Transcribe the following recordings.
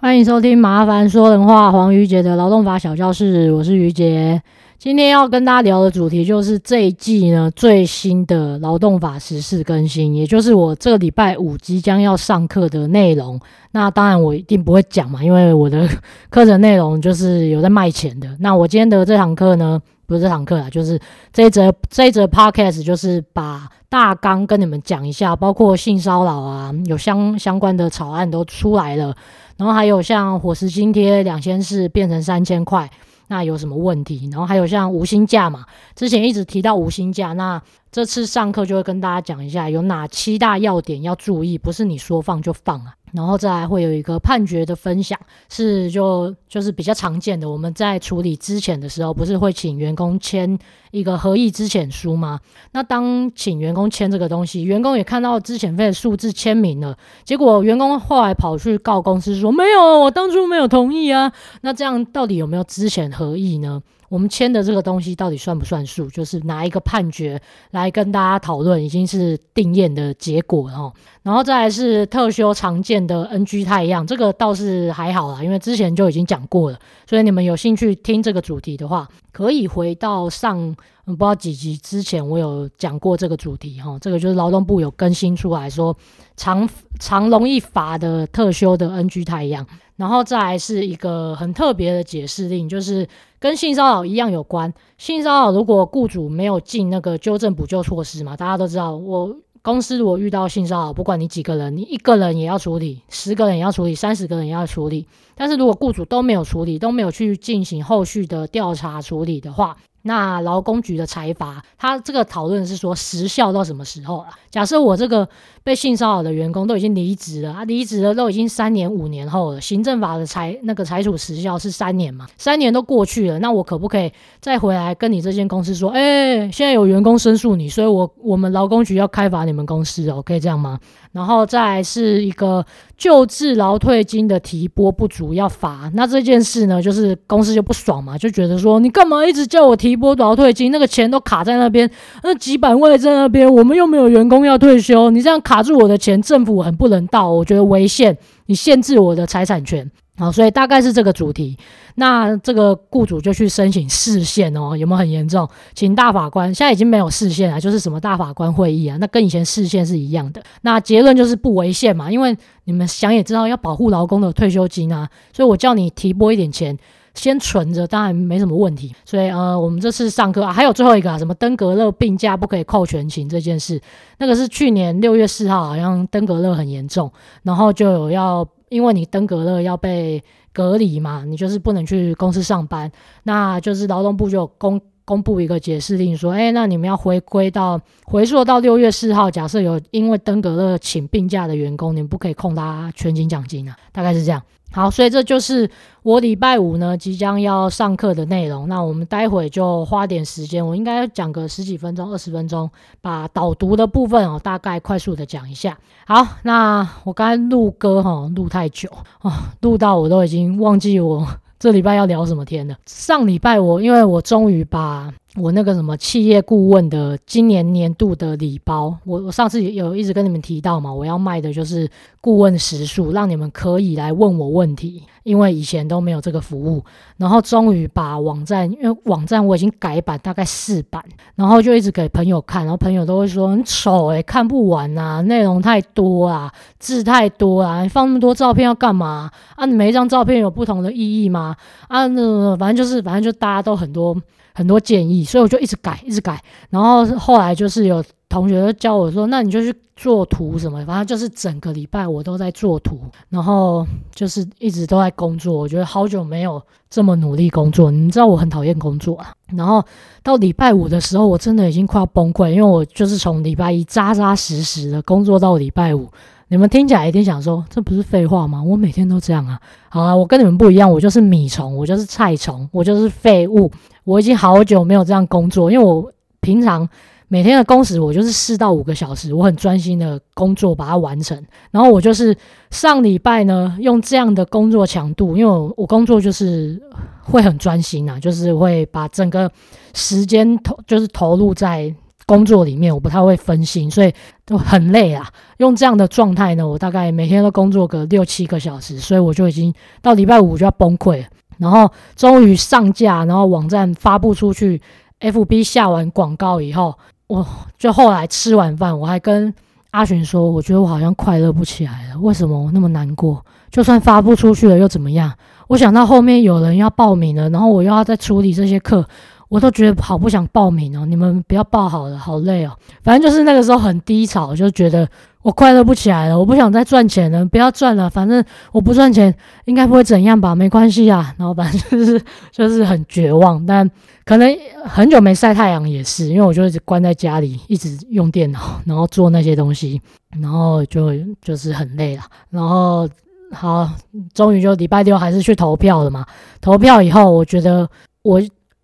歡迎收聽《麻煩說人話》，黃瑜杰的勞動法小教室。我是瑜杰，今天要跟大家聊的主題就是這一季呢最新的勞動法時事更新，也就是我這禮拜五即將要上課的內容。那當然我一定不會講嘛，因為我的課程內容就是有在賣錢的。那我今天的這堂課呢，不是這堂課啦，就是這一則這一則 Podcast，就是把大綱跟你們講一下，包括性騷擾啊，有相相關的草案都出來了。然後還有像伙食津貼兩千四變成三千塊，那有什麼問題？然後還有像無薪假嘛，之前一直提到無薪假，那。這次上課就會跟大家講一下有哪七大要點要注意，不是你說放就放啊，然後再來會有一個判決的分享，是就就是比較常見的。我們在處理資遣的時候，不是會請員工簽一個合意資遣書嗎？那當請員工簽這個東西，員工也看到資遣費的數字簽名了，結果員工後來跑去告公司說沒有，我當初沒有同意啊。那這樣到底有沒有資遣合意呢？我們簽的這個東西到底算不算數？就是拿一個判決來跟大家討論，已經是定讞的結果了。哦，然後再來是特休常見的 NG 態樣，這個倒是還好啦，因為之前就已經講過了。所以你們有興趣聽這個主題的話，可以回到上，嗯、不知道幾集之前，我有講過這個主題哈，哦。這個就是勞動部有更新出來說，常常容易犯的特休的 NG 態樣，然後再來是一個很特別的解釋令，就是。跟性騷擾一樣有關。性騷擾如果雇主沒有盡那個糾正補救措施嘛，大家都知道。我公司如果遇到性騷擾，不管你幾個人，你一個人也要處理，十個人也要處理，三十個人也要處理。但是如果雇主都沒有處理，都沒有去進行後續的調查處理的話，那勞工局的裁罰，他這個討論是說時效到什麼時候啊？假設我這個被性騷擾的員工都已經離職了，啊離職了都已經三年五年後了，行政法的裁那個裁處時效是三年嘛？三年都過去了，那我可不可以再回來跟你這間公司說，哎、欸，現在有員工申訴你，所以我我們勞工局要開罰你們公司哦，可以這樣嗎？然後再來是一個舊制勞退金的提撥不足要罰，那這件事呢，就是公司就不爽嘛，就覺得說你幹嘛一直叫我提。提撥退休金，那個錢都卡在那邊，那幾百萬在那邊，我們又沒有員工要退休，你這樣卡住我的錢，政府很不人道，我覺得違憲，你限制我的財產權，好，所以大概是這個主題。那這個雇主就去申請釋憲哦，有沒有很嚴重？請大法官，現在已經沒有釋憲了，就是什麼大法官會議啊，那跟以前釋憲是一樣的。那結論就是不違憲嘛，因為你們想也知道要保護勞工的退休金啊，所以我叫你提撥一點錢。先存着，當然沒什麼問題。所以呃，我們這次上課啊，還有最後一個啊，什麼登革熱病假不可以扣全勤這件事，那個是去年六月四號，好像登革熱很嚴重，然後就有要，因為你登革熱要被隔離嘛，你就是不能去公司上班，那就是勞動部就公。公布一個解釋令，說，哎，那你們要回歸到回溯到六月四號，假設有因為登革熱請病假的員工，你們不可以扣他全勤獎金啊，大概是這樣。好，所以這就是我禮拜五呢即將要上課的內容。那我們待會就花點時間，我應該要講個十幾分鐘、二十分鐘，把導讀的部分哦，大概快速的講一下。好，那我剛才錄歌哈、哦，錄太久哦，錄到我都已經忘記我。這禮拜要聊什麼天呢？上禮拜我因為我終於把我那個什麼企業顧問的今年年度的禮包，我我上次也有一直跟你們提到嘛，我要賣的就是顧問時數，讓你們可以來問我問題。因為以前都沒有這個服務，然後終於把網站，因為網站我已經改版大概四版，然後就一直給朋友看，然後朋友都會說很醜誒、欸，看不完吶、啊，內容太多啊，字太多啊，你放那麼多照片要幹嘛啊？你每一張照片有不同的意義嗎？啊，那、呃、反正就是，反正就大家都很多。很多建議，所以我就一直改，一直改。然後後來就是有同學就教我說：“那你就去做圖什麼，反正就是整個禮拜我都在做圖，然後就是一直都在工作。”我覺得好久沒有這麼努力工作，你知道我很討厭工作啊。然後到禮拜五的時候，我真的已經快要崩潰，因為我就是從禮拜一扎扎實實的工作到禮拜五。你們聽起來一定想說：“這不是廢話嗎？”我每天都這樣啊。好了，我跟你們不一樣，我就是米蟲，我就是菜蟲，我就是廢物。我已經好久沒有這樣工作，因為我平常每天的工時，我就是四到五個小時，我很專心的工作把它完成。然後我就是上禮拜呢，用這樣的工作強度，因為我工作就是會很專心啊，就是會把整個時間投就是投入在工作裡面，我不太會分心，所以就很累啊。用這樣的狀態呢，我大概每天都工作個六七個小時，所以我就已經到禮拜五就要崩潰了。然後終於上架，然後網站發布出去，FB 下完廣告以後，我就後來吃完飯，我還跟阿群說，我覺得我好像快樂不起來了，為什麼我那麼難過？就算發布出去了又怎麼樣？我想到後面有人要報名了，然後我又要再處理這些課，我都覺得好不想報名哦。你們不要報好了，好累哦。反正就是那個時候很低潮，就覺得。我快樂不起來了，我不想再賺錢了，不要賺了，反正我不賺錢，應該不會怎樣吧？沒關係啊，然後反正就是就是很絕望，但可能很久沒曬太陽也是，因為我就一直關在家裡，一直用電腦，然後做那些東西，然後就就是很累了。然後好，終於就禮拜六還是去投票了嘛？投票以後，我覺得我。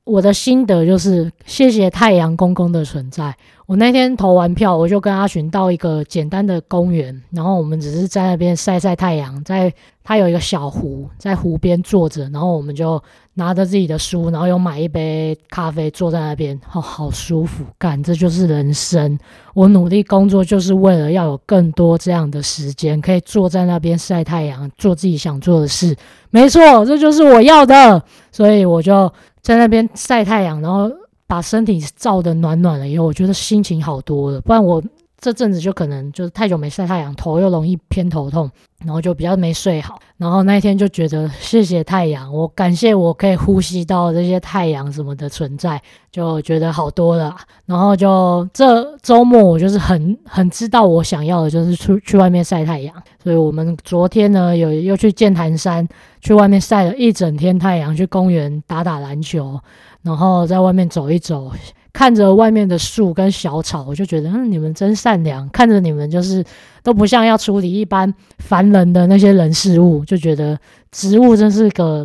我的心得就是，謝謝太陽公公的存在。我那天投完票，我就跟阿尋到一個簡單的公園，然後我們只是在那邊曬晒太陽，在他有一個小湖，在湖邊坐着，然後我們就拿着自己的書，然後又買一杯咖啡，坐在那邊，哦，好好舒服。幹，這就是人生。我努力工作就是為了要有更多這樣的時間，可以坐在那邊曬太陽，做自己想做的事。沒錯，這就是我要的。所以我就。在那邊曬太陽，然後把身體照的暖暖了以後，我覺得心情好多了，不然我。這陣子就可能就是太久沒曬太陽，頭又容易偏頭痛，然後就比較沒睡好。然後那一天就覺得謝謝太陽，我感謝我可以呼吸到這些太陽什麼的存在，就覺得好多了。然後就這周末我就是很很知道我想要的就是出去，去外面曬太陽，所以我們昨天呢有又去劍潭山去外面曬了一整天太陽，去公園打打籃球，然後在外面走一走。看着外面的樹跟小草，我就覺得，嗯，你們真善良。看着你們就是都不像要處理一般凡人的那些人事物，就覺得植物真是個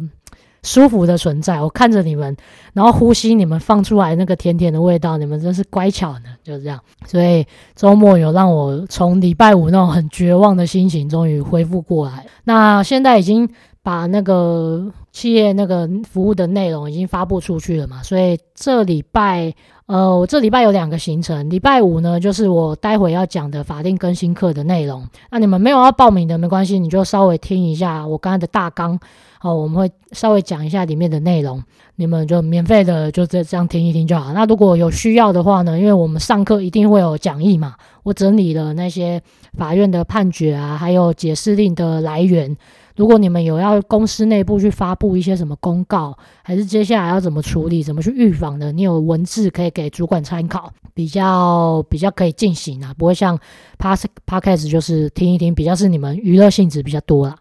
舒服的存在。我看着你們，然後呼吸你們放出來那個甜甜的味道，你們真是乖巧呢。就這樣，所以周末有讓我從禮拜五那種很絕望的心情終於恢復過來。那現在已經把那個企業那個服務的內容已經發布出去了嘛，所以這禮拜。呃，我這禮拜有兩個行程。禮拜五呢，就是我待會要講的法令更新課的內容。那、啊、你們沒有要報名的，沒關係，你就稍微聽一下我剛才的大綱。好，我們會稍微講一下裡面的內容，你們就免費的就這這樣聽一聽就好。那如果有需要的話呢，因為我們上課一定會有講義嘛，我整理了那些法院的判決啊，還有解釋令的來源。如果你們有要公司內部去發布一些什麼公告，還是接下來要怎麼處理、怎麼去預防的，你有文字可以給主管參考，比較比較可以進行啊，不會像，pass podcast 就是聽一聽，比較是你們娛樂性質比較多啦。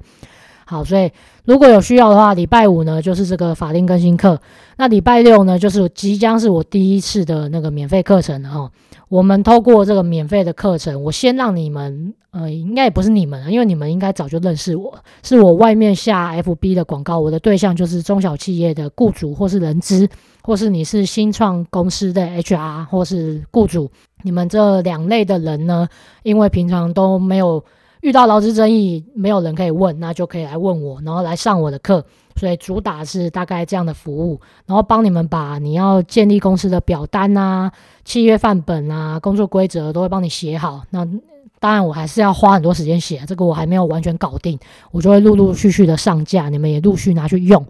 好，所以如果有需要的話，禮拜五呢就是這個法令更新課，那禮拜六呢就是即將是我第一次的那個免費課程哈、哦。我們透過這個免費的課程，我先讓你們，呃，應該也不是你們，因為你們應該早就認識我，是我外面下 FB 的廣告，我的對象就是中小企業的雇主或是人資，或是你是新創公司的 HR 或是雇主，你們這兩類的人呢，因為平常都沒有。遇到勞資爭議，沒有人可以問，那就可以來問我，然後來上我的課。所以主打是大概這樣的服務，然後幫你們把你要建立公司的表單啊、契約範本啊、工作規則都會幫你寫好。那當然我還是要花很多時間寫，這個我還沒有完全搞定，我就會陸陸續續的上架，你們也陸續拿去用。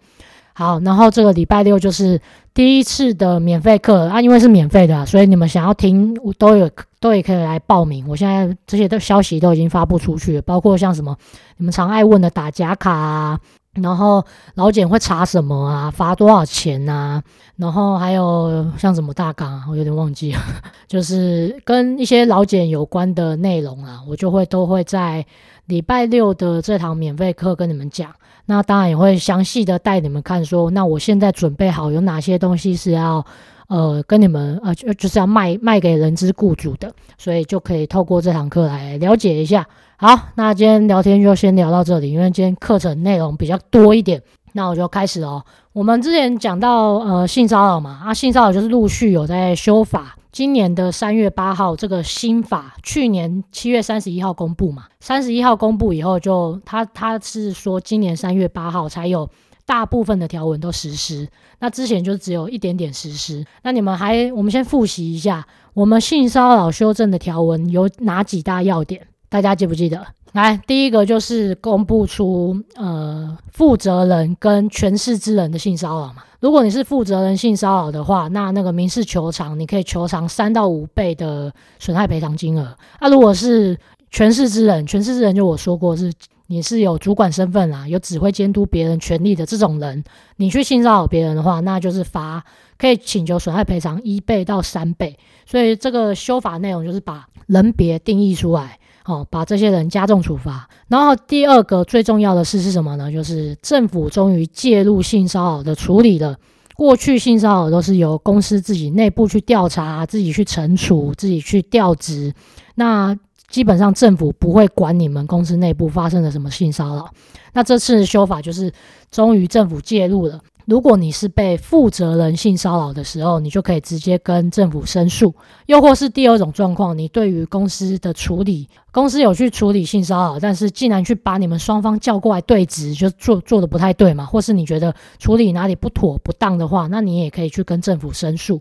好，然後這個禮拜六就是第一次的免費課啊，因為是免費的啊，所以你們想要聽，都有都也可以來報名。我現在這些都消息都已經發布出去了，包括像什麼你們常愛問的打假卡啊，然後勞檢會查什麼啊，罰多少錢啊，然後還有像什麼大綱啊，我有點忘記了，就是跟一些勞檢有關的內容啊，我就會都會在禮拜六的這堂免費課跟你們講。那當然也會詳細的帶你們看說，說那我現在準備好有哪些東西是要，呃，跟你們呃就就是要賣賣給人資雇主的，所以就可以透過這堂課來了解一下。好，那今天聊天就先聊到這裡，因為今天課程內容比較多一點，那我就開始哦。我們之前講到呃性騷擾嘛，啊性騷擾就是陸續有在修法。今年的三月八號，這個新法去年七月三十一號公布嘛，三十一號公布以後就，就他他是說今年三月八號才有大部分的條文都實施，那之前就只有一點點實施。那你們還我們先複習一下，我們性騷擾修正的條文有哪幾大要點，大家記不記得？來，第一個就是公布出呃負責人跟權勢之人的性騷擾嘛。如果你是負責人性騷擾的話，那那個民事求償你可以求償三到五倍的損害賠償金額。啊，如果是權勢之人，權勢之人就我說過是你是有主管身份啦、啊，有指揮監督別人權力的這種人，你去性騷擾別人的話，那就是罰可以請求損害賠償一倍到三倍。所以這個修法內容就是把人別定義出來。哦，把這些人加重處罰。然後第二個最重要的事是什麼呢？就是政府終於介入性騷擾的處理了。過去性騷擾都是由公司自己內部去調查、自己去懲處、自己去調職。那基本上政府不會管你們公司內部發生了什麼性騷擾。那這次修法就是終於政府介入了。如果你是被負責人性騷擾的時候，你就可以直接跟政府申訴；又或是第二種狀況，你對於公司的處理，公司有去處理性騷擾，但是竟然去把你們雙方叫過來對質，就做做的不太對嘛？或是你覺得處理哪裡不妥不當的話，那你也可以去跟政府申訴。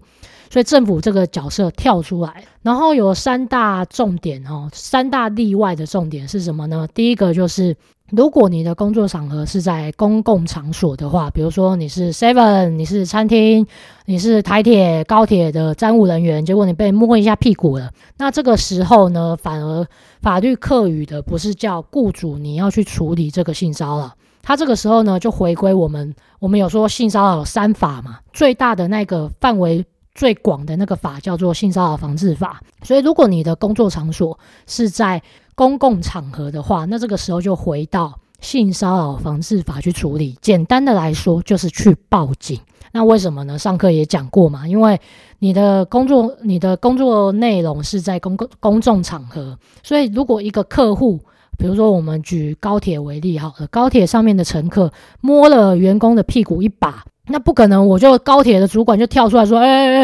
所以政府這個角色跳出來，然後有三大重點哦，三大例外的重點是什麼呢？第一個就是。如果你的工作場合是在公共場所的話，比如說你是 Seven，你是餐廳，你是台鐵、高鐵的站務人員，結果你被摸一下屁股了，那這個時候呢，反而法律課予的不是叫雇主你要去處理這個性騷擾。他這個時候呢，就回歸我們，我們有說性騷擾三法嘛，最大的那個範圍最廣的那個法叫做性騷擾防治法，所以如果你的工作場所是在公共場合的話，那這個時候就回到性騷擾防治法去處理。簡單的來說，就是去報警。那為什麼呢？上課也講過嘛，因為你的工作、你的工作內容是在公共公眾場合，所以如果一個客戶，比如說我們舉高鐵為例哈，高鐵上面的乘客摸了員工的屁股一把，那不可能，我就高鐵的主管就跳出來說：“哎哎哎，哎、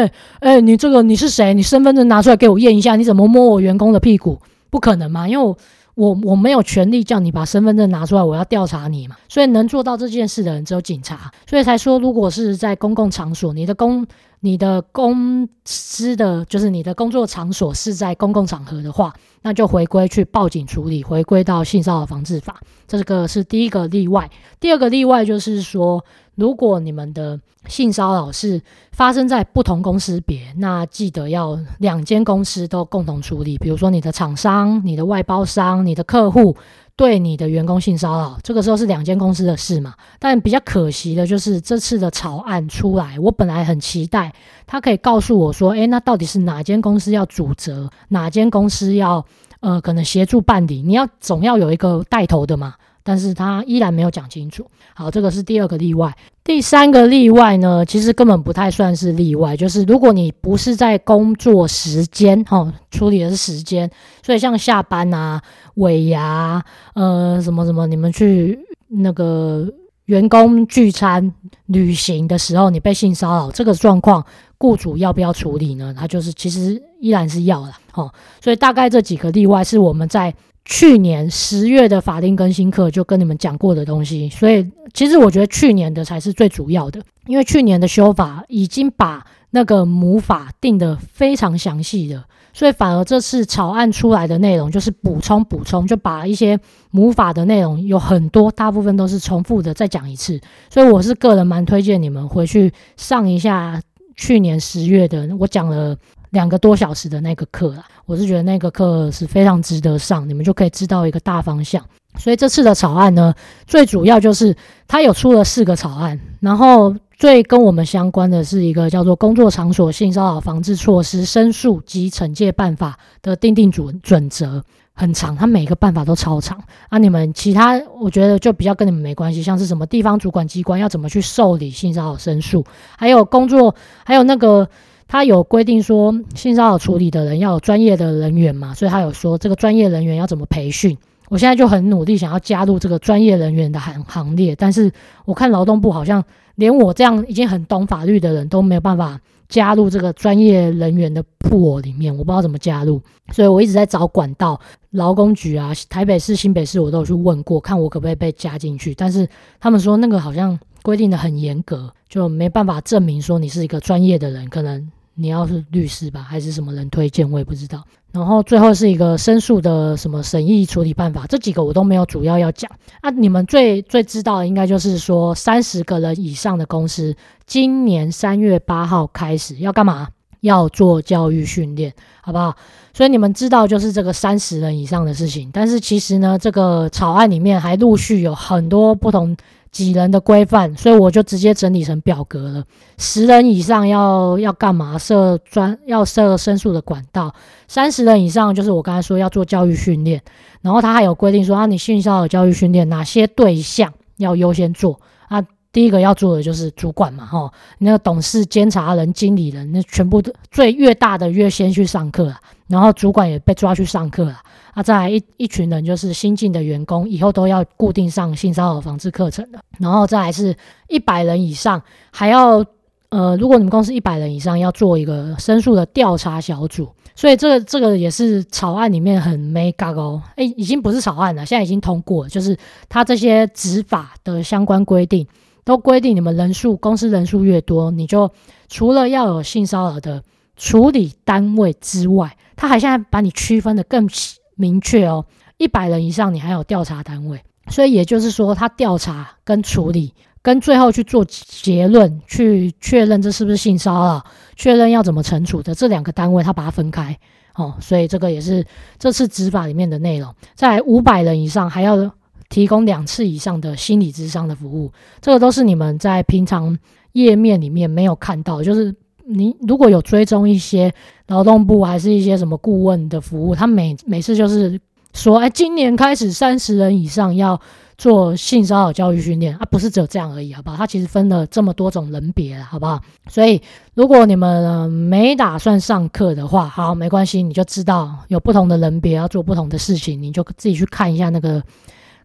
欸欸、你這個你是誰？你身份證拿出來給我驗一下，你怎麼摸我員工的屁股？”不可能嘛！因為我我，我沒有權利叫你把身份證拿出來，我要調查你嘛。所以能做到這件事的人只有警察，所以才說，如果是在公共場所，你的公、你的公司的就是你的工作場所是在公共場合的話，那就回歸去報警處理，回歸到性騷擾防治法。這個是第一個例外。第二個例外就是說，如果你們的性騷擾是發生在不同公司別，那記得要兩間公司都共同處理。比如說你的廠商、你的外包商、你的客戶對你的員工性騷擾，這個時候是兩間公司的事嘛。但比較可惜的就是這次的草案出來，我本來很期待他可以告訴我說，誒，那到底是哪間公司要主責，哪間公司要呃可能協助辦理？你要總要有一個帶頭的嘛。但是他依然沒有講清楚。好，這個是第二個例外。第三個例外呢，其實根本不太算是例外。就是如果你不是在工作時間，哈、哦，處理的是時間，所以像下班啊、尾牙、啊、呃，什麼什麼，你們去那個員工聚餐、旅行的時候，你被性騷擾這個狀況，雇主要不要處理呢？他就是其實依然是要的，哈、哦。所以大概這幾個例外是我們在。去年十月的法令更新課就跟你們講過的東西，所以其實我覺得去年的才是最主要的，因為去年的修法已經把那個母法定得非常詳細了，所以反而這次草案出來的內容就是補充補充，就把一些母法的內容有很多，大部分都是重複的，再講一次。所以我是個人蠻推薦你們回去上一下去年十月的，我講了。兩個多小時的那個課啦，我是覺得那個課是非常值得上，你們就可以知道一個大方向。所以這次的草案呢，最主要就是它有出了四個草案，然後最跟我們相關的是一個叫做《工作場所性騷擾防治措施申訴及懲戒辦法》的訂定準準則，很長，它每個辦法都超長。啊，你們其他我覺得就比較跟你們沒關係，像是什麼地方主管機關要怎麼去受理性騷擾申訴，還有工作，還有那個。他有規定說，性騷擾處理的人要有專業的人員嘛，所以他有說這個專業人員要怎麼培訓。我現在就很努力想要加入這個專業人員的行行列，但是我看勞動部好像連我這樣已經很懂法律的人都沒有辦法加入這個專業人員的 pool 裡面，我不知道怎麼加入，所以我一直在找管道，勞工局啊、台北市、新北市我都有去問過，看我可不可以被加進去，但是他們說那個好像規定的很嚴格，就沒辦法證明說你是一個專業的人，可能。你要是律師吧，還是什麼人推薦？我也不知道。然後最後是一個申訴的什麼審議處理辦法，這幾個我都沒有主要要講。那、啊、你們最最知道的應該就是說，三十個人以上的公司，今年三月八號開始要幹嘛？要做教育訓練，好不好？所以你們知道，就是這個三十人以上的事情。但是其實呢，這個草案裡面還陸續有很多不同幾人的規範，所以我就直接整理成表格了。十人以上要要幹嘛？設專要設申訴的管道。三十人以上就是我剛才說要做教育訓練。然後他還有規定說啊，你性騷擾教育訓練，哪些對象要優先做？啊，第一個要做的就是主管嘛，吼，那個董事、監察人、經理人，那全部都最越大的越先去上課啊。然後主管也被抓去上課了。啊，再來一一群人，就是新進的員工，以後都要固定上性騷擾防治課程的。然後再來是一百人以上，還要呃，如果你們公司一百人以上，要做一個申訴的調查小組。所以，這個，這這個也是草案裡面很沒 e g 哦，哎，已經不是草案了，現在已經通過了，就是他這些執法的相關規定，都規定你們人數，公司人數越多，你就除了要有性騷擾的處理單位之外，他還現在把你區分的更明確哦，一百人以上你還有調查單位，所以也就是說，他調查跟處理跟最後去做結論，去確認這是不是性騷擾，確認要怎麼懲處的這兩個單位他把它分開哦，所以這個也是這次修法裡面的內容，在五百人以上還要提供兩次以上的心理諮商的服務，這個都是你們在平常頁面裡面沒有看到，就是。你如果有追蹤一些勞動部，還是一些什麼顧問的服務，他每每次就是說，哎、欸，今年開始三十人以上要做性騷擾教育訓練，啊，不是只有這樣而已，好不好？他其實分了這麼多種人別，好不好？所以如果你們、呃、沒打算上課的話，好，沒關係，你就知道有不同的人別要做不同的事情，你就自己去看一下那個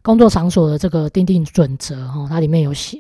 工作場所的這個訂定準則哦，它裡面有寫。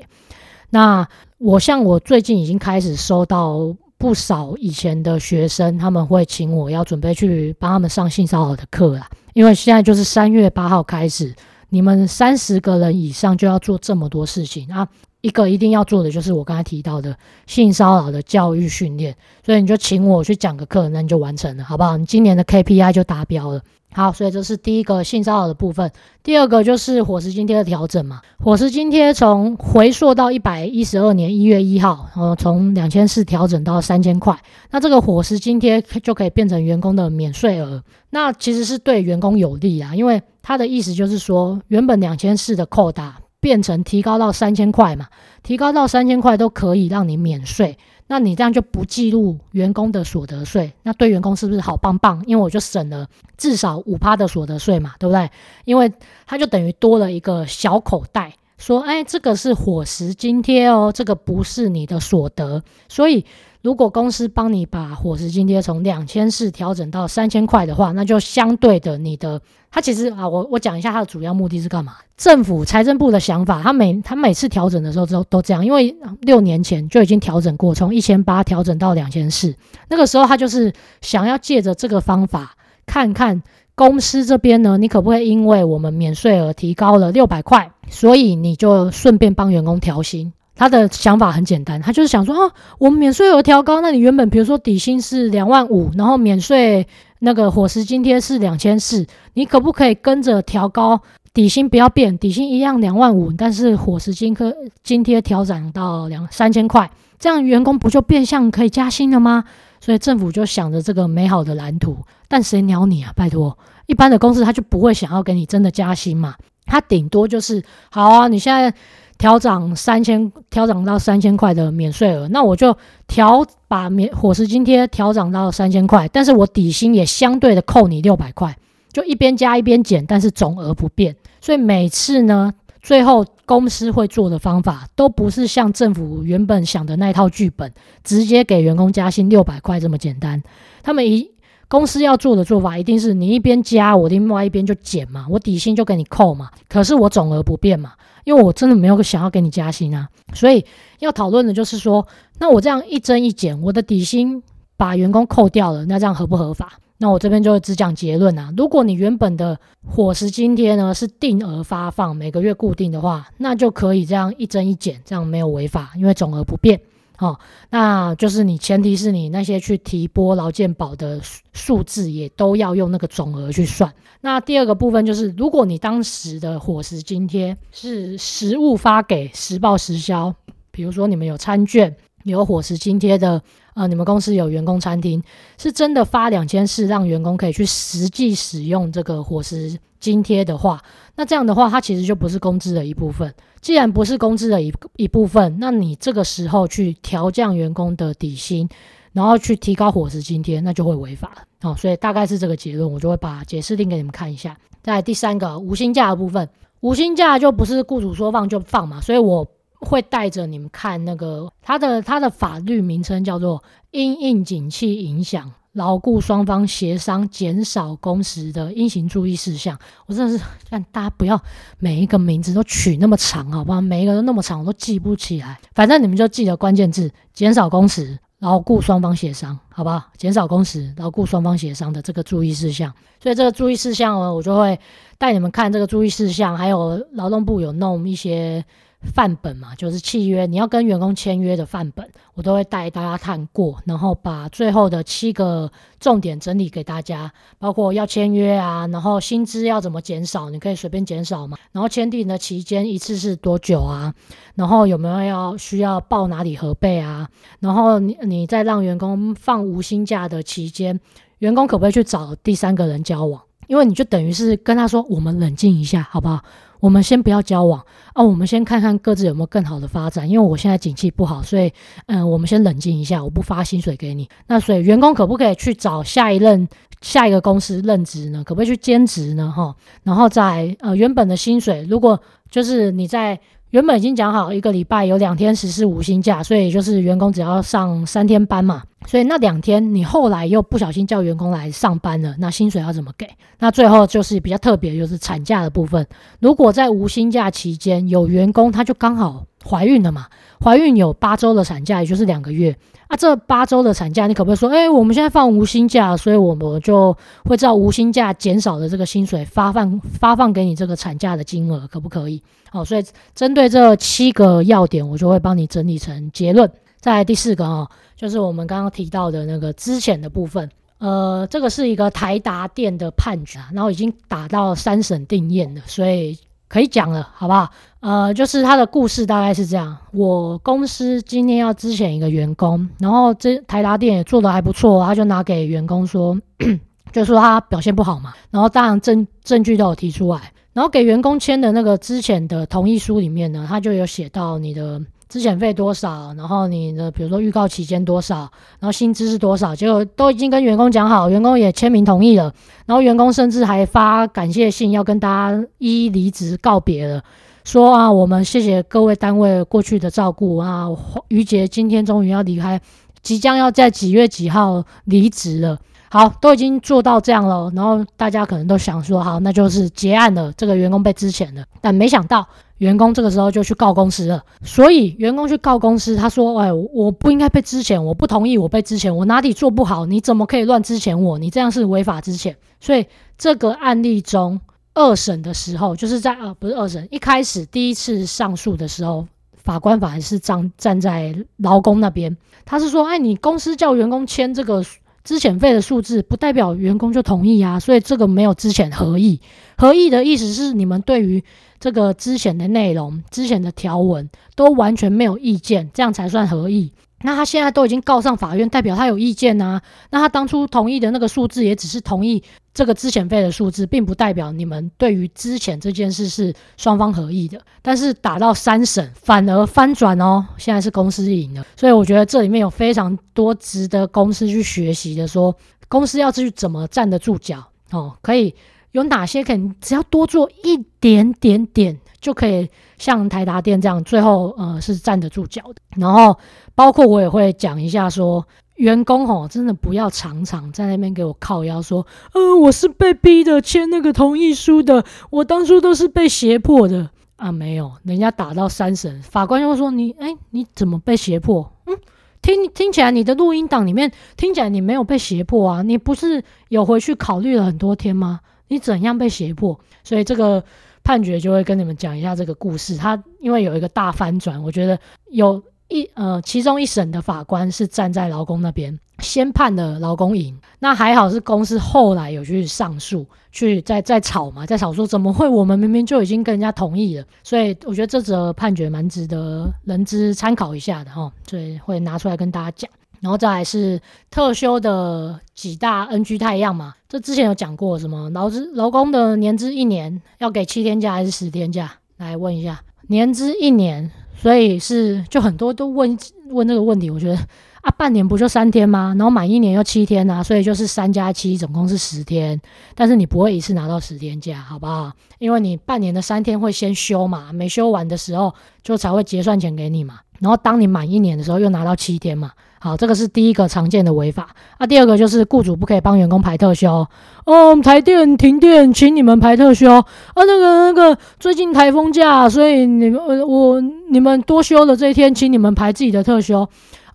那我像我最近已經開始收到。不少以前的學生，他們會請我要準備去幫他們上性騷擾的課啦。因為現在就是三月八號開始，你們三十個人以上就要做這麼多事情啊。一個一定要做的就是我剛才提到的性騷擾的教育訓練，所以你就請我去講個課，那你就完成了，好不好？你今年的 KPI 就達標了。好，所以這是第一個性騷擾的部分。第二個就是伙食津貼的調整嘛。伙食津貼從回溯到一百一十二年一月一號，然、呃、從兩千四調整到三千塊。那這個伙食津貼就可以變成員工的免稅額。那其實是對員工有利啊，因為他的意思就是說，原本兩千四的扣打、啊、變成提高到三千塊嘛，提高到三千塊都可以讓你免稅。那你這樣就不記錄員工的所得稅，那對員工是不是好棒棒？因為我就省了至少五趴的所得稅嘛，對不對？因為他就等於多了一個小口袋，說：“哎，這個是伙食津貼哦，這個不是你的所得。”所以。如果公司幫你把伙食津貼從兩千四調整到三千塊的話，那就相對的，你的他其實啊，我我講一下他的主要目的是幹嘛？政府財政部的想法，他每他每次調整的時候都都這樣，因為六年前就已經調整過，從一千八調整到兩千四，那個時候他就是想要借着這個方法，看看公司這邊呢，你可不可以因為我們免稅額提高了六百塊，所以你就順便幫員工調薪。他的想法很簡單，他就是想說啊、哦，我們免稅額調高，那你原本比如說底薪是兩萬五，然後免稅那個伙食津貼是兩千四，你可不可以跟着調高底薪不要變，底薪一樣兩萬五，但是伙食金科津貼調漲到兩三千塊，這樣員工不就變相可以加薪了嗎？所以政府就想着這個美好的藍圖，但誰鳥你啊？拜托，一般的公司他就不會想要給你真的加薪嘛，他頂多就是好啊，你現在。調整三千，調整到三千塊的免稅額，那我就調把免伙食津貼調整到三千塊，但是我底薪也相對的扣你六百塊，就一邊加一邊減，但是總額不變。所以每次呢，最後公司會做的方法都不是像政府原本想的那一套劇本，直接給員工加薪六百塊這麼簡單，他們一。公司要做的做法，一定是你一邊加，我另外一邊就減嘛，我底薪就給你扣嘛，可是我總額不變嘛，因為我真的沒有想要給你加薪啊，所以要討論的就是說，那我這樣一增一減，我的底薪把員工扣掉了，那這樣合不合法？那我這邊就只講結論啊，如果你原本的伙食津貼呢是定額發放，每個月固定的話，那就可以這樣一增一減，這樣沒有違法，因為總額不變。好、哦，那就是你前提是你那些去提撥勞健保的數數字也都要用那個總額去算。那第二個部分就是，如果你當時的伙食津貼是實物發給實報實銷，比如說你們有餐券、有伙食津貼的。啊、呃，你們公司有員工餐廳，是真的發兩千四，讓員工可以去實際使用這個伙食津貼的話，那這樣的話，它其實就不是工資的一部分。既然不是工資的一一部分，那你這個時候去調降員工的底薪，然後去提高伙食津貼，那就會違法了。好、哦，所以大概是這個結論，我就會把解釋令給你們看一下。再來第三個無薪假的部分，無薪假就不是雇主說放就放嘛，所以我，會帶着你們看那個，它的它的法律名稱叫做《因應景氣影響，勞雇雙方協商減少工時的應行注意事項》。我真的是讓大家不要每一個名字都取那麼長，好不好？每一個都那麼長，我都記不起來。反正你們就記得關鍵字：減少工時，勞雇雙方協商，好不好？減少工時，勞雇雙方協商的這個注意事項。所以這個注意事項呢，我就會帶你們看這個注意事項，還有勞動部有弄一些。範本嘛，就是契約，你要跟員工簽約的範本，我都會帶大家看過，然後把最後的七個重點整理給大家，包括要簽約啊，然後薪資要怎麼減少，你可以隨便減少嘛，然後簽訂的期間一次是多久啊，然後有沒有要需要報哪裡核備啊，然後你你再讓員工放無薪假的期間，員工可不可以去找第三個人交往？因為你就等於是跟他說，我們冷靜一下，好不好？我們先不要交往啊！我們先看看各自有沒有更好的發展。因為我現在景氣不好，所以，嗯、呃，我們先冷靜一下。我不發薪水給你。那所以員工可不可以去找下一任、下一個公司任職呢？可不可以去兼職呢？哈，然後在呃，原本的薪水，如果就是你在。原本已經講好一個禮拜有兩天實施無薪假，所以就是員工只要上三天班嘛。所以那兩天你後來又不小心叫員工來上班了，那薪水要怎麼給？那最後就是比較特別，就是產假的部分。如果在無薪假期間有員工，他就剛好。懷孕了嘛？懷孕有八周的產假，也就是兩個月啊。這八周的產假，你可不可以說，誒、欸，我們現在放無薪假，所以我們就會照無薪假減少的這個薪水發放發放給你這個產假的金額，可不可以？好、哦，所以針對這七個要點，我就會幫你整理成結論。再來第四個啊、哦，就是我們剛剛提到的那個之前的部分，呃，這個是一個台達電的判決、啊，然後已經打到三審定讞了，所以。可以講了，好不好？呃，就是他的故事大概是這樣：我公司今天要資遣一個員工，然後這台達電也做得還不錯，他就拿給員工說， 就說他表現不好嘛，然後當然證證據都有提出來，然後給員工簽的那個資遣的同意書裡面呢，他就有寫到你的資遣費多少？然後你的比如說預告期間多少？然後薪資是多少？結果都已經跟員工講好，員工也簽名同意了。然後員工甚至還發感謝信，要跟大家一一離職告別了。說啊，我們謝謝各位單位過去的照顧啊。余杰今天終於要離開，即將要在幾月幾號離職了。好，都已經做到這樣了，然後大家可能都想說，好，那就是結案了，這個員工被資遣了。但沒想到，員工這個時候就去告公司了。所以，員工去告公司，他說：“哎，我，我不應該被資遣，我不同意我被資遣，我哪裡做不好？你怎麼可以亂資遣我？你這樣是違法資遣。所以，這個案例中二審的時候，就是在啊，不是二審，一開始第一次上訴的時候，法官法還是站站在勞工那邊，他是說：“哎，你公司叫員工簽這個。”資遣費的數字不代表員工就同意啊，所以這個沒有資遣合意。合意的意思是你們對於這個資遣的內容、資遣的條文都完全沒有意見，這樣才算合意。那他現在都已經告上法院，代表他有意見吶、啊。那他當初同意的那個數字也只是同意。這個資遣費的數字，並不代表你們對於資遣這件事是雙方合意的。但是打到三審，反而翻轉哦，現在是公司贏了。所以我覺得這裡面有非常多值得公司去學習的說，說公司要去怎麼站得住腳哦，可以有哪些可能，只要多做一點點點，就可以像台達電這樣，最後呃，是站得住腳的。然後包括我也會講一下說。員工吼，真的不要常常在那邊給我靠腰說，呃，我是被逼的簽那個同意書的，我當初都是被脅迫的啊，沒有，人家打到三審，法官就會說你，哎、欸，你怎麼被脅迫？嗯，聽聽起來你的錄音檔裡面聽起來你沒有被脅迫啊，你不是有回去考慮了很多天嗎？你怎樣被脅迫？所以這個判決就會跟你們講一下這個故事，他因為有一個大翻轉，我覺得有。一呃，其中一審的法官是站在勞工那邊，先判了勞工贏。那還好是公司後來有去上訴，去再再吵嘛，再吵說怎麼會？我們明明就已經跟人家同意了。所以我覺得這則判決蠻值得人資參考一下的哈、哦，所以會拿出來跟大家講。然後再來是特休的幾大 NG 態樣嘛，這之前有講過什麼勞資勞工的年資一年要給七天假還是十天假？來問一下，年資一年。所以是就很多都問問那個問題，我覺得啊，半年不就三天嗎？然後滿一年又七天吶、啊，所以就是三加七，總共是十天。但是你不會一次拿到十天假，好不好？因為你半年的三天會先休嘛，沒休完的時候就才會結算錢給你嘛。然後當你滿一年的時候，又拿到七天嘛。好，這個是第一個常見的違法啊。第二個就是雇主不可以幫員工排特休。哦，台電停電，請你們排特休啊。那個那個，最近台風假，所以你們我你們多休了這一天，請你們排自己的特休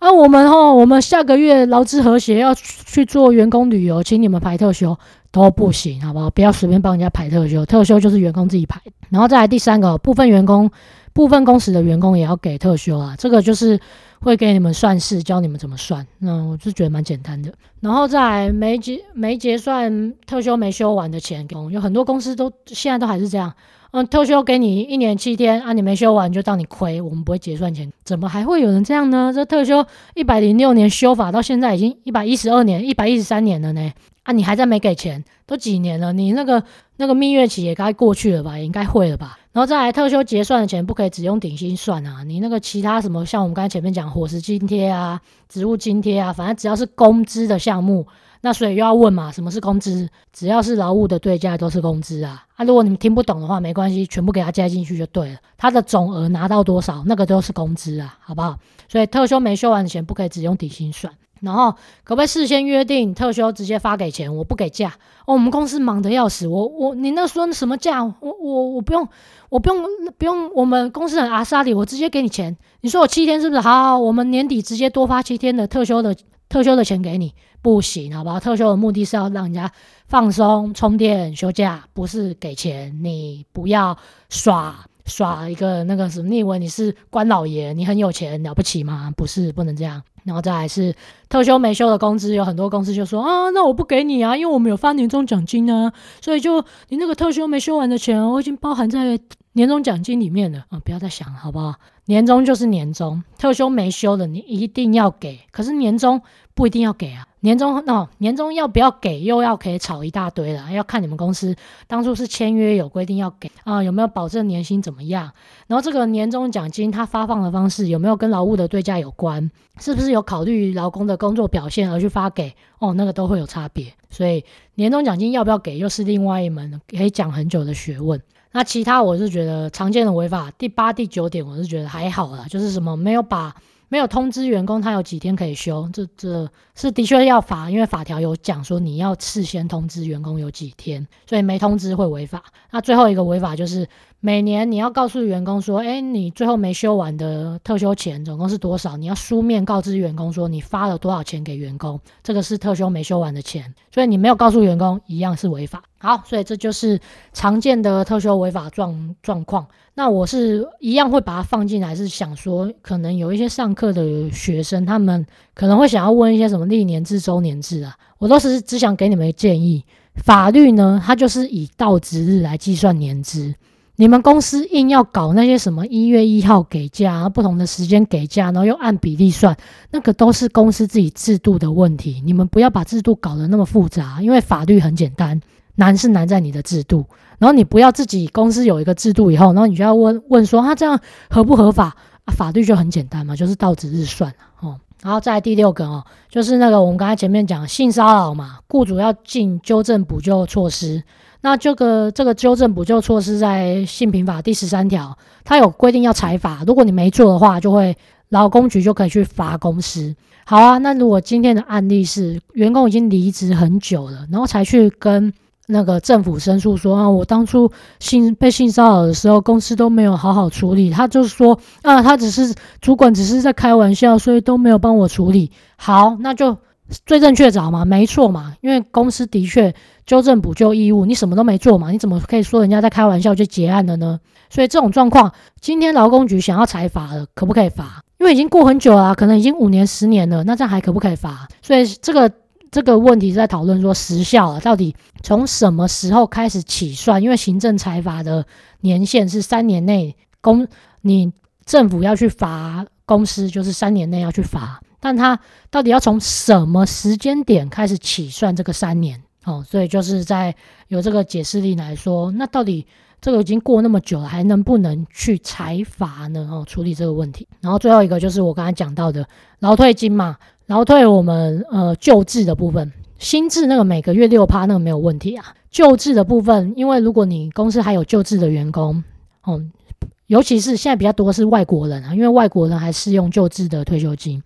啊。我們哈、哦，我們下個月勞資和諧要去，去做員工旅遊，請你們排特休。都不行，好不好？不要隨便幫人家排特休，特休就是員工自己排。然後再來第三個，部分員工、部分工時的員工也要給特休啊。這個就是會給你們算式，教你們怎麼算，那我就覺得蠻簡單的。然後再來沒結、沒結算特休、沒休完的錢，有很多公司都現在都還是這樣。嗯，特休給你一年七天啊，你沒休完就當你虧，我們不會結算錢。怎麼還會有人這樣呢？這特休一百零六年修法到現在已經一百一十二年、一百一十三年了呢。啊，你還在沒給錢？都幾年了，你那個那個蜜月期也該過去了吧？也應該會了吧？然後再來特休結算的錢，不可以只用底薪算啊！你那個其他什麼，像我們剛才前面講，伙食津貼啊、職務津貼啊，反正只要是工資的項目，那所以又要問嘛，什麼是工資？只要是勞務的對價都是工資啊！啊，如果你們聽不懂的話，沒關係，全部給他加進去就對了。他的總額拿到多少，那個都是工資啊，好不好？所以特休沒休完的錢，不可以只用底薪算。然後可不可以事先約定特休直接發給錢？我不給假哦，我們公司忙得要死。我我你那說什麼假？我我我不用，我不用不用。我們公司很阿薩里，我直接給你錢。你說我七天是不是？好，好，好，我們年底直接多發七天的特休的特休的錢給你。不行，好不好？特休的目的是要讓人家放鬆、充電、休假，不是給錢。你不要耍。耍一個那個什麼，你以為你是官老爺，你很有錢了不起嗎？不是，不能這樣。然後再來是特休沒休的工資，有很多公司就說啊，那我不給你啊，因為我們有發年終獎金啊，所以就你那個特休沒休完的錢，我已經包含在年終獎金裡面了啊，不要再想了，好不好？年終就是年終，特休沒休的你一定要給，可是年終不一定要給啊。年終哦，年終要不要給，又要可以吵一大堆了，要看你們公司當初是簽約有規定要給啊，有沒有保證年薪怎麼樣？然後這個年終獎金它發放的方式有沒有跟勞務的對價有關？是不是有考慮勞工的工作表現而去發給？哦，那個都會有差別，所以年終獎金要不要給，又是另外一門可以講很久的學問。那其他我是覺得常見的違法第八、第九點，我是覺得還好啦，就是什麼沒有把沒有通知員工他有幾天可以休，這這。是的確要罰，因為法條有講說你要事先通知員工有幾天，所以沒通知會違法。那最後一個違法就是每年你要告訴員工說，哎、欸，你最後沒休完的特休錢總共是多少？你要書面告知員工說你發了多少錢給員工，這個是特休沒休完的錢，所以你沒有告訴員工一樣是違法。好，所以這就是常見的特休違法狀狀況。那我是一樣會把它放進來，是想說可能有一些上課的學生他們可能會想要問一些什麼歷年制、週年制啊，我都是只想給你們一個建議。法律呢，它就是以到職日來計算年資。你們公司硬要搞那些什麼一月一號給假，啊、不同的時間給假，然後又按比例算，那個都是公司自己制度的問題。你們不要把制度搞得那麼複雜，啊，因為法律很簡單，難是難在你的制度。然後你不要自己公司有一個制度以後，然後你就要問問說他，啊、這樣合不合法啊？法律就很簡單嘛，就是到職日算哦。然後再第六個哦，就是那個我們剛才前面講性騷擾嘛，雇主要盡糾正補救措施。那這個這個糾正補救措施在性平法第十三條，它有規定要裁罰。如果你沒做的話，就會勞工局就可以去罰公司。好啊，那如果今天的案例是員工已經離職很久了，然後才去跟。那個政府申訴說啊，我當初性被性騷擾的時候，公司都沒有好好處理。他就是說啊，他只是主管，只是在開玩笑，所以都沒有幫我處理。好，那就罪證確鑿嘛，沒錯嘛。因為公司的確糾正補救義務，你什麼都沒做嘛，你怎麼可以說人家在開玩笑就結案了呢？所以這種狀況，今天勞工局想要裁罰了，可不可以罰？因為已經過很久了啊，可能已經五年、十年了，那這樣還可不可以罰？所以這個。這個問題是在討論說時效啊，到底從什麼時候開始起算？因為行政裁罰的年限是三年內，公你政府要去罰公司，就是三年內要去罰，但他到底要從什麼時間點開始起算這個三年？哦，所以就是在有這個解釋令來說，那到底這個已經過那麼久了，還能不能去裁罰呢？哦，處理這個問題。然後最後一個就是我剛才講到的勞退金嘛。然後退我們呃，舊制的部分，新制那個每個月六趴那個沒有問題啊。舊制的部分，因為如果你公司還有舊制的員工，哦、嗯，尤其是現在比較多是外國人啊，因為外國人還適用舊制的退休金。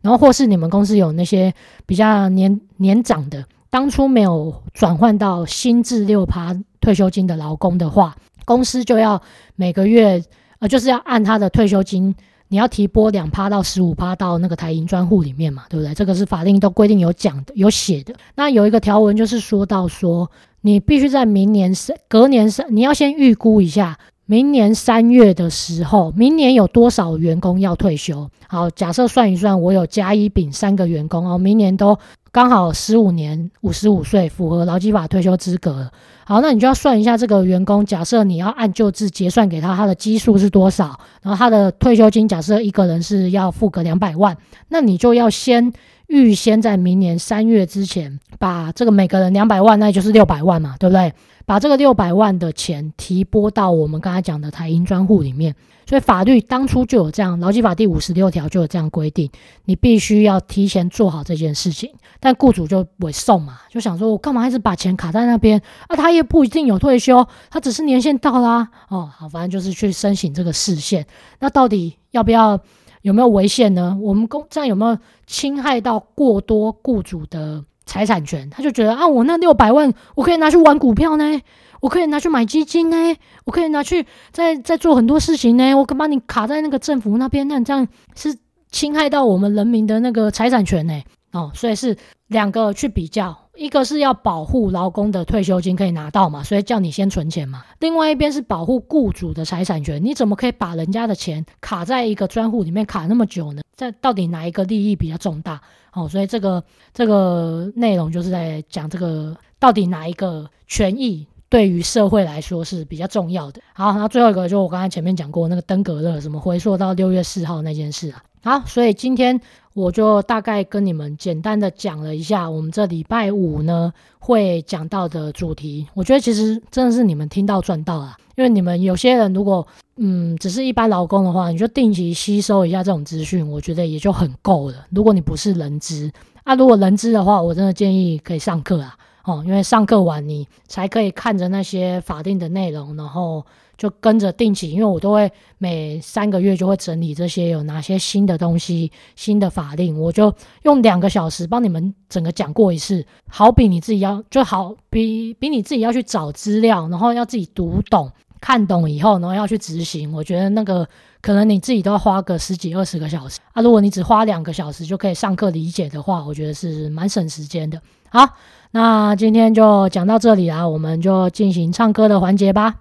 然後或是你們公司有那些比較年年長的，當初沒有轉換到新制六趴退休金的勞工的話，公司就要每個月呃，就是要按他的退休金。你要提撥兩趴到十五趴到那個台銀專戶裡面嘛，對不對？這個是法令都規定有講的、有寫的。那有一個條文就是說到說，你必須在明年是隔年是，你要先預估一下。明年三月的時候，明年有多少員工要退休？好，假設算一算，我有甲、乙、丙三個員工哦，明年都剛好十五年，五十五歲，符合勞基法退休資格了。好，那你就要算一下這個員工，假設你要按舊制結算給他，他的基數是多少？然後他的退休金，假設一個人是要付個兩百萬，那你就要先。預先在明年三月之前，把這個每個人兩百萬，那就是六百萬嘛，對不對？把這個六百萬的錢提撥到我們剛才講的台銀專戶裡面。所以法律當初就有這樣，勞基法第五十六條就有這樣規定，你必須要提前做好這件事情。但僱主就會送嘛，就想說我幹嘛還是把錢卡在那邊啊？他也不一定有退休，他只是年限到啦。哦，好，反正就是去申請這個時限。那到底要不要？有沒有違憲呢？我們公這樣有沒有侵害到過多雇主的財產權？他就覺得啊，我那六百萬，我可以拿去玩股票呢，我可以拿去買基金呢，我可以拿去在在做很多事情呢，我可把你卡在那個政府那邊，那你這樣是侵害到我們人民的那個財產權呢？哦，所以是兩個去比較。一個是要保護勞工的退休金可以拿到嘛，所以叫你先存錢嘛。另外一邊是保護僱主的財產權，你怎麼可以把人家的錢卡在一個專戶裡面卡那麼久呢？在到底哪一個利益比較重大？哦？所以這個這個內容就是在講這個到底哪一個權益對於社會來說是比較重要的。好，那最後一個就是我剛才前面講過那個登革熱，什麼回溯到六月四號那件事啊。好，所以今天。我就大概跟你們簡單的講了一下，我們這禮拜五呢，會講到的主題。我覺得其實真的是你們聽到賺到啊，因為你們有些人如果嗯只是一般勞工的話，你就定期吸收一下這種資訊，我覺得也就很夠了。如果你不是人資，啊，如果人資的話，我真的建議可以上課啊，哦，因為上課完你才可以看着那些法定的內容，然後。就跟着定期，因為我都會每三個月就會整理這些有哪些新的東西、新的法令，我就用兩個小時幫你們整個講過一次。好比你自己要，就好比比你自己要去找資料，然後要自己讀懂、看懂以後，然後要去執行。我覺得那個可能你自己都要花個十幾、二十個小時啊。如果你只花兩個小時就可以上課理解的話，我覺得是蠻省時間的。好，那今天就講到這裡啦，我們就進行唱歌的環節吧。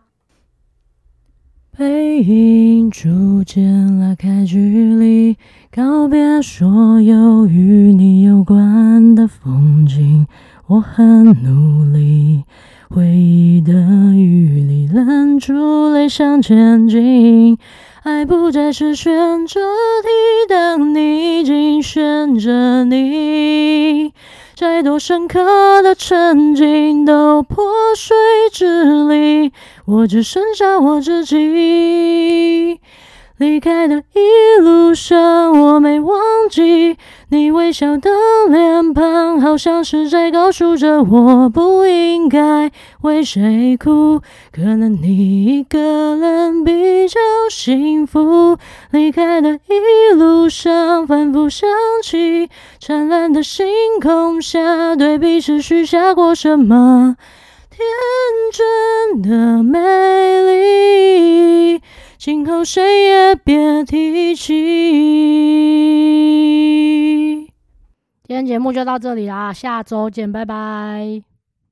背影逐漸拉開距離，告別所有與你有關的風景。我很努力，回憶的雨裡忍住淚向前進。愛不再是選擇題，當你已經選擇你。再多深刻的曾經，都破碎支離，我只剩下我自己。離開的一路上，我沒忘記你微笑的臉龐，好像是在告訴着我不應該為誰哭。可能你一個人比較幸福。離開的一路上，反覆想起燦爛的星空下，對彼此許下過什麼天真的美麗。今後誰也別提起。今天節目就到這裡啦，下周見，拜拜。